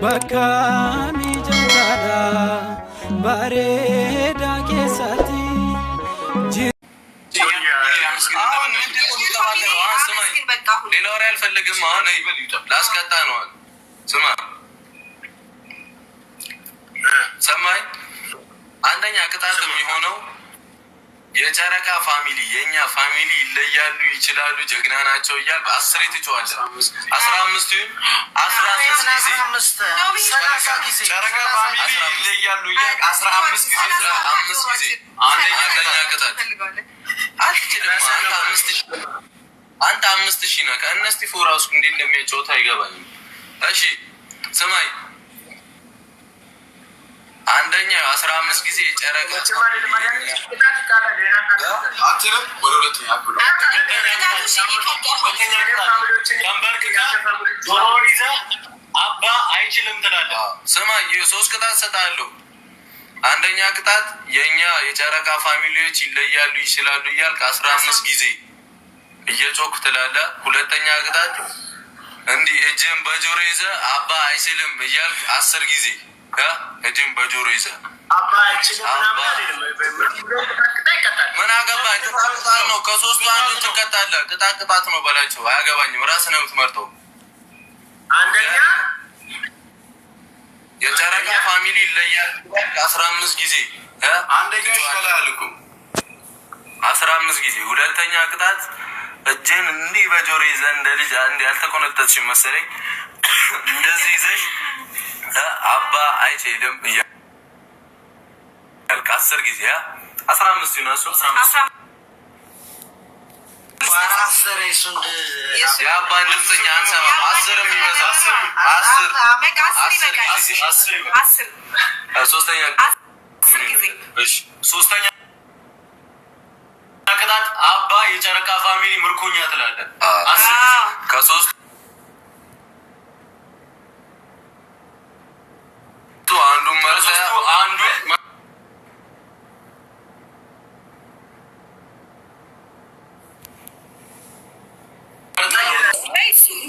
bakka mijaataadha bareedaa keessatti. ሌላ ወሬ አልፈልግም። አሁን ላስቀጣ ነው። ስማ ሰማኝ አንደኛ ቅጣት የሚሆነው የጨረቃ ፋሚሊ የእኛ ፋሚሊ ይለያሉ፣ ይችላሉ፣ ጀግና ናቸው እያል በአስር ትችዋለ አስራ አምስት ወይም አስራ አምስት ጊዜ ጨረቃ ፋሚሊ ይለያሉ አስራ አምስት ጊዜ አምስት ጊዜ አንደኛ ለኛ ቅጣል አንተ አምስት ሺ ራሱ እንደሚያጫወት አይገባኝም። እሺ ስማኝ አንደኛ አስራ አምስት ጊዜ ጨረቃ ሶስት ቅጣት ሰጣለሁ። አንደኛ ቅጣት የእኛ የጨረቃ ፋሚሊዎች ይለያሉ ይችላሉ እያልክ አስራ አምስት ጊዜ እየጮክ ትላለህ። ሁለተኛ ቅጣት እንዲህ እጅን በጆሮ ይዘህ አባ አይችልም እያልክ አስር ጊዜ እጅም በጆሮ ይዘ ምን አገባህ? ቅጣት ቅጣት ነው። ከሶስቱ አንዱ ትቀጣለህ። ቅጣት ቅጣት ነው በላቸው። አያገባኝም። ራስ ነው የምትመርጠው። አንደኛ የጨረቃ ፋሚሊ ይለያል። አስራ አምስት ጊዜ አንደኛ ይሻላል እኮ አስራ አምስት ጊዜ። ሁለተኛ ቅጣት እጅን እንዲህ በጆሮ ይዘ እንደ ልጅ አንድ ያልተቆነጠች መሰለኝ እንደዚህ ይዘሽ አባ አይችልም እያልክ አስር ጊዜ አስራ አምስት ይነሱ አንሰማም። አስርም ሶስተኛ ቅጣት አባ የጨረቃ ፋሚሊ ምርኮኛ ትላለን።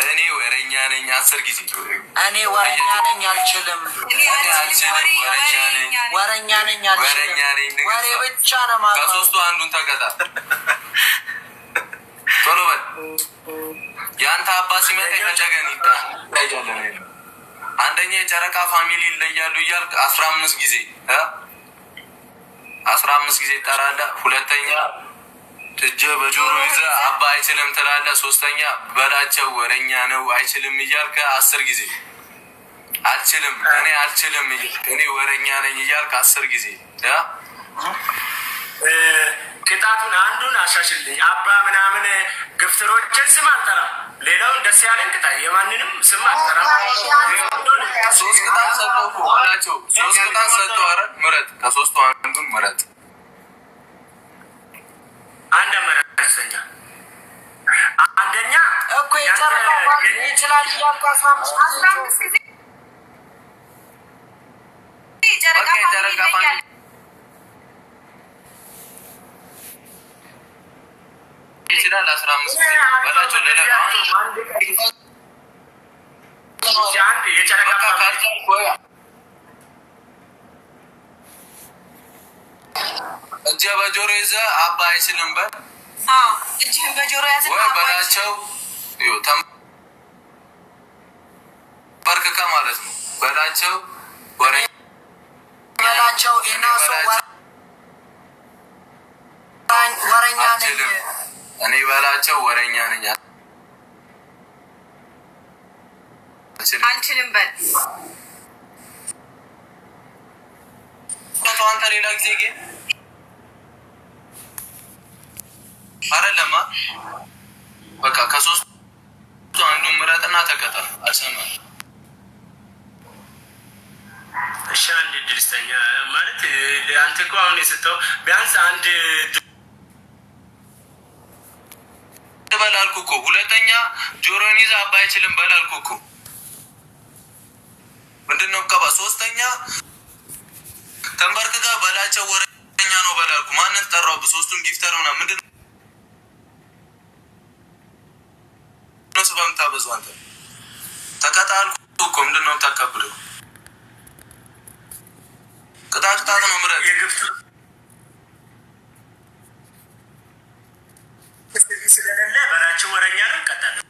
እኔ ወረኛ ነኝ። አስር ጊዜ እኔ ወረኛ ነኝ። አልችልም። ወረኛ ነኝ። አልችልም። ወሬ ብቻ ነው ማለት ከሶስቱ አንዱን ተቀጣ። ቶሎ በል። የአንተ አባት ሲመጣ ከጨገን አንደኛ የጨረቃ ፋሚሊ ይለያሉ እያልክ አስራ አምስት ጊዜ አስራ አምስት ጊዜ ይጠራለ። ሁለተኛ ጥጀ በጆሮ ይዘ አባ አይችልም ትላለ። ሶስተኛ በላቸው ወረኛ ነው አይችልም እያልከ አስር ጊዜ አልችልም እኔ አልችልም እኔ ወረኛ ነኝ እያልከ አስር ጊዜ ቅጣቱን አንዱን አሻሽልኝ አባ ምናምን ግፍትሮችን ስም አልጠራ። ሌላውን ደስ ያለን ቅጣ፣ የማንንም ስም አልጠራ። ሶስት ቅጣት ሰጠው እኮ አላቸው። ሶስት ቅጣት ሰጠው። ኧረ ምረጥ፣ ከሶስቱ አንዱን ምረጥ። ያሰኛል። አንደኛ እኮ ይችላል የጨረቃ እጀ በጆሮ ይዘህ አባ አይስልም በል እጅህን በጆሮ ያዝ በላቸው። በርክከ ማለት ነው በላቸው በላቸው ወረኛ ነኝ እኔ በላቸው ወረኛ ነኝ አንችልም በል አንተ ሌላ ጊዜ ግን አረ ለማ በቃ ከሶስቱ አንዱ ምረጥና ተቀጠር። አልሰማም እሺ። አንድ ድርስተኛ ማለት አንተ እኮ አሁን የሰጠው ቢያንስ አንድ በላልኩ እኮ ሁለተኛ ጆሮን ይዘህ አባ አይችልም በላልኩ እኮ ምንድን ነው ቀባ ሶስተኛ ተንበርክጋ በላቸው ወረኛ ነው በላልኩ ማንን ጠራው? በሶስቱም ጊፍተር ምናምን ምንድን በምታበዙ አንተ ተቀጣልኩ እኮ ምንድን ነው የምታካብደው? ቅጣት ቅጣት ነው። ምረ ስለሌለ በላቸው ወረኛ ነው ቀጣለ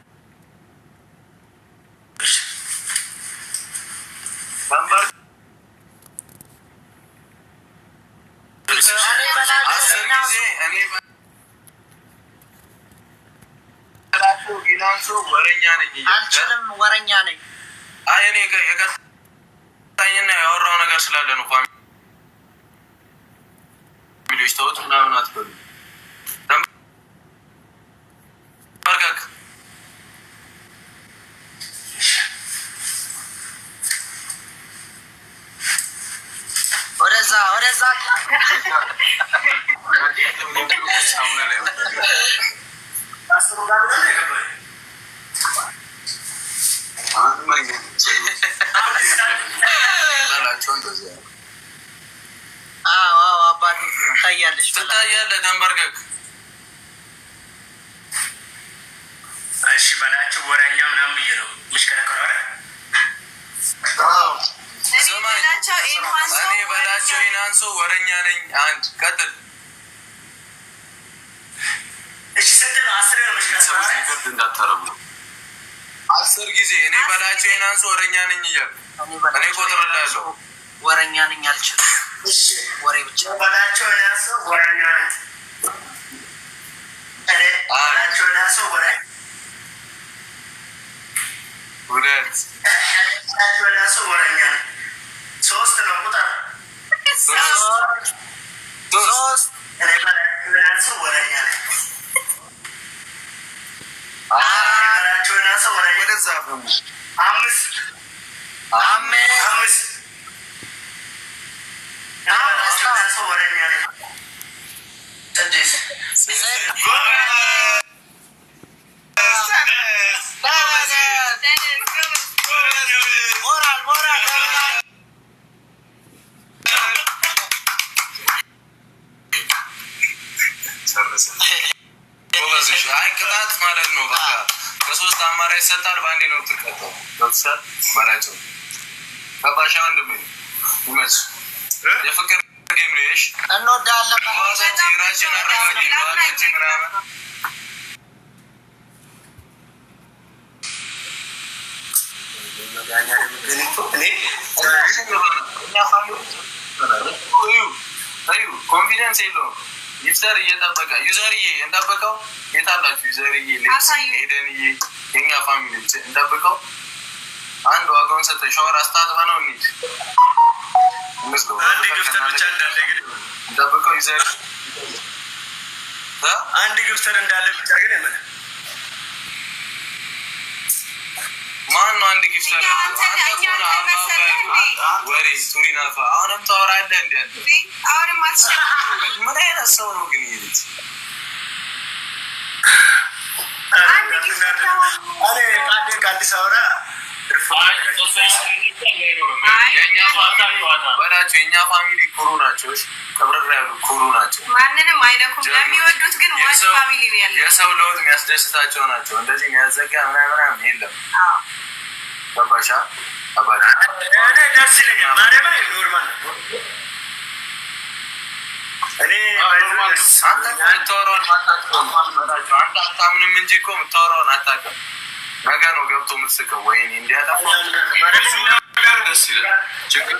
ወረኛ ነኝ፣ አልችልም፣ ወረኛ ነኝ። አይ እኔ የቀጣኝና ያወራው ነገር ስላለ ነው። ፋሚሊዎች ተውት ምናምን አትበሉ። ወደዛ ወደዛ አንድ ቀጥል አስር ጊዜ እኔ በላቸው ናንስ ወረኛ ነኝ እያል እኔ ቆጥርላለሁ። ወረኛ ነኝ አልችልም። ወሬ ብቻ በላቸው ናንስ ወረኛ ነኝ ሶስት ነው ቁጥር ሶስት ሰው ወረኛ ነ ሰው ወረኛ አምስት አምስት ሰው ወረኛ ነ ስድስት ከሶስት አማራ ይሰጣል። በአንዴ ነው ትቀጠው በላቸው ገባሻ? ወንድም ይመች የፍቅር ጌምሽ እንወዳለን። ኮንፊደንስ የለውም ይፍጠር እየጠበቀ ዩዘርዬ እንጠብቀው። የት አላችሁ ዩዘርዬ? ሄደንዬ የኛ ፋሚሊ እንጠብቀው። አንድ ዋጋውን ሰጠ ሻወር አስታጥበ ነው እንሂድ። ዩዘር አንድ ግብተር እንዳለ ብቻ ግን ማን ነው አንድ ጊፍት ወሬ ሱሪናፋ አሁንም ታወራለህ። እንዲ ምን አይነት ሰው ነው ግን? ይሄት አዲስ የእኛ ፋሚሊ ኩሩ ናቸው። ከብረራ ኩሩ ናቸው። ማንንም አይነኩም። የሚወዱት ግን የሰው ለውጥ የሚያስደስታቸው ናቸው። እንደዚህ የሚያዘጋ ምናምናም የለም። ገባሻ አታምንም እንጂ እኮ የምታወራውን ነገ ነው ገብቶ የምትስቀው። ወይኔ እንዲያጠፋ ደስ ይላል። ችግር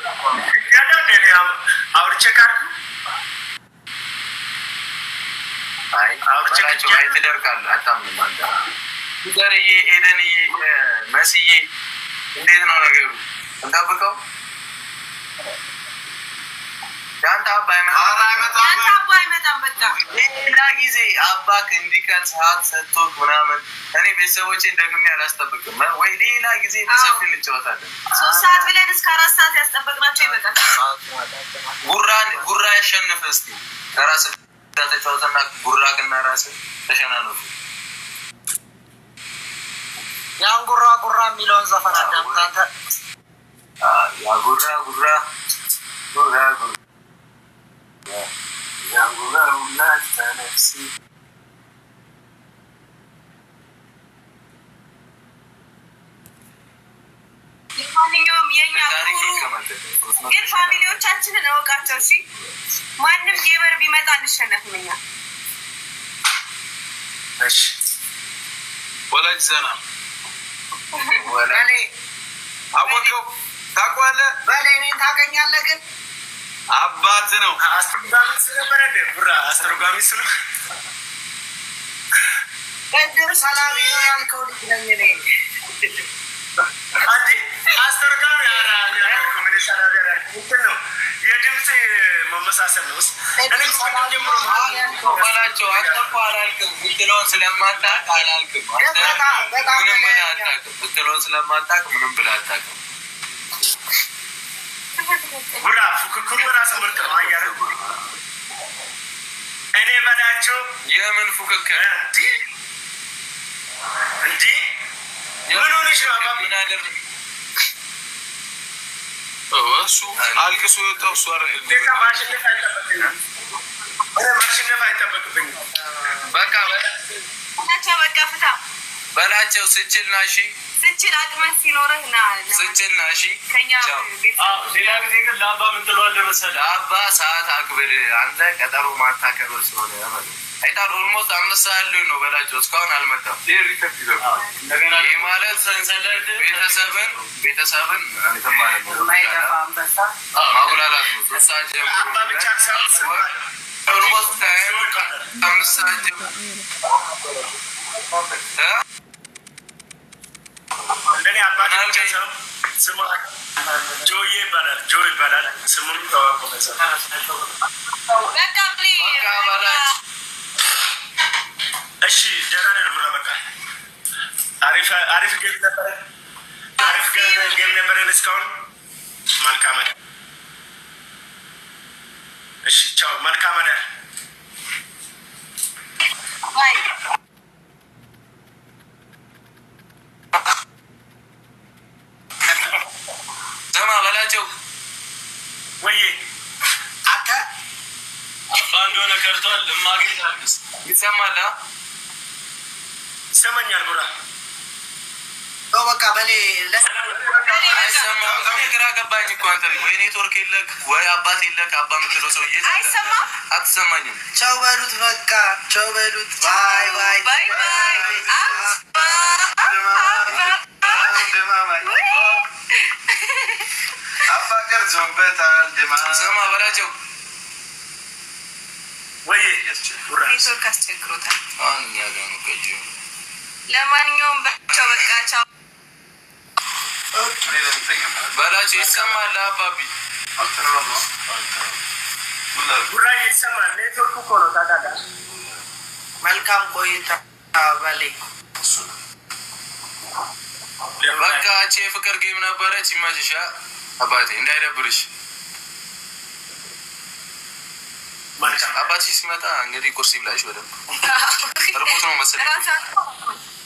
አውርቼ ካልኩ አውርቼ አታምንም አንተ ኤደንዬ፣ መስዬ እንዴት ነው ነገሩ? እንጠብቀው። ያንተ አባ አይመጣም። ጊዜ አባክ እንዲቀን ሰዓት ሰጥቶት ምናምን እኔ ቤተሰቦቼን ደግሜ አላስጠብቅም ወይ ሌላ ጊዜ በሰፊ እንጫወታለን። ሶስት ሰዓት ብለን እስከ አራት ሰዓት ያስጠበቅናቸው ይመጣል። ጉራ ያሸንፍ። እስኪ ራስ ተጫወተና ጉራክና ራስ ተሸናነፉ። ያን ጉራ ጉራ የሚለውን ዘፈን አዳምጥ አንተ። ጉራ ጉራ ጉራ ማንኛውም የኛ ግን ፋሚሊዎቻችንን እወቃቸው። እሺ ማንም ጌበር ቢመጣ አንሸነፍም እኛ ወላጅ ዘና እኔ አወቀው ታውቀዋለህ። በል አባት ነው። አስተርጓሚ ስለነበረ እንደ ብራ አስተርጓሚ ስለ ቅድም ሰላሜ ነው ያልከው ልጅ ነኝ እኔ የድምፅ መመሳሰል ነው። ብትለውን ስለማታውቅ አላልክም። ብትለውን ስለማታውቅ ምንም የምን ፉክክር እንዲህ እሱ አልቅሶ የወጣው እሱ በላቸው ስችል ስችል ሲኖርህ ና ስችል ናሺ ሌላ ጊዜ ግን ለአባ ምን ትለዋለህ መሰለህ? ሰዓት አክብር አንተ ቀጠሮ ማታከብር ስለሆነ አይታል ኦልሞስት አምስት ሰዓት ላይ ነው በላቸው። እስካሁን አልመጣም። ይህ ማለት ሰንሰለት ቤተሰብን ቤተሰብን ማጉላላት ነው። ሶስት ሰዓት ጀምሮ እንጀራ ድርብረ በቃ አሪፍ ገቢ ነበረ፣ አሪፍ ገቢ ነበረን እስካሁን። መልካም አዳር። እሺ፣ ቻው። መልካም አዳር። ዘማ በላቸው ወይ አካ አባ እንደሆነ ቀርቷል። እማጌ ይሰማል ይሰማኛል ጉራ ወይ ኔትወርክ የለክ ወይ አባት የለክ አባ ምትለው ሰውዬ አትሰማኝም። ቻው ወይ ኔትወርክ አስቸግሮታል። ለማንኛውም በቸው በቃ ቻው በላቸው። ይሰማል አባቢ መልካም ቆይታ ባሌ። በቃ አንቺ የፍቅር ጌም ነበረች። ይመችሻ አባቴ፣ እንዳይደብርሽ አባትሽ ሲመጣ እንግዲህ ቁርስ ይብላሽ በደንብ ርቦት ነው መሰለኝ።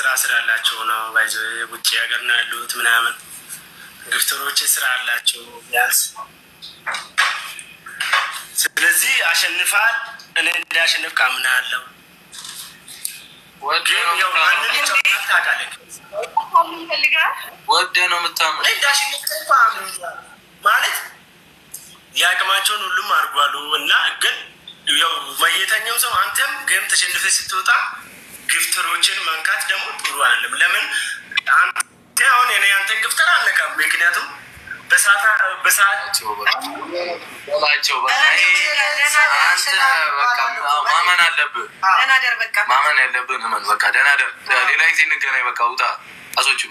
ስራ ስላላቸው ነው። ባይዞ ውጭ ሀገር ነው ያሉት ምናምን ግፍተሮች ስራ አላቸው ቢያንስ። ስለዚህ አሸንፋል። እኔ እንዳሸንፍ ካምናለው ወደ ነው ምታምን ማለት የአቅማቸውን ሁሉም አድርጓሉ እና ግን ያው መየተኛው ሰው አንተም ገም ተሸንፈ ስትወጣ ግፍተሮችን መንካት ደግሞ ጥሩ አይደለም። ለምን አሁን እኔ አንተ ግፍተር አልነካም፣ ምክንያቱም ማመን አለብህ። ማመን በቃ ደህና ደር። ሌላ ጊዜ እንገናኝ። በቃ ውጣ። አሶቹ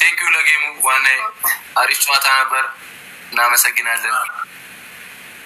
ቴንኪው ለጌሙ ዋና አሪፍ ጨዋታ ነበር። እናመሰግናለን።